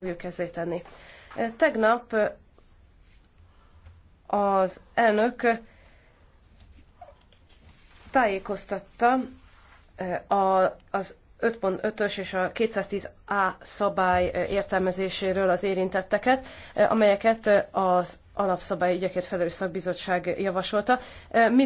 fogjuk ezzé tenni. Tegnap az elnök tájékoztatta az 5.5-ös és a 210A szabály értelmezéséről az érintetteket, amelyeket az alapszabályügyekért felelős szakbizottság javasolta.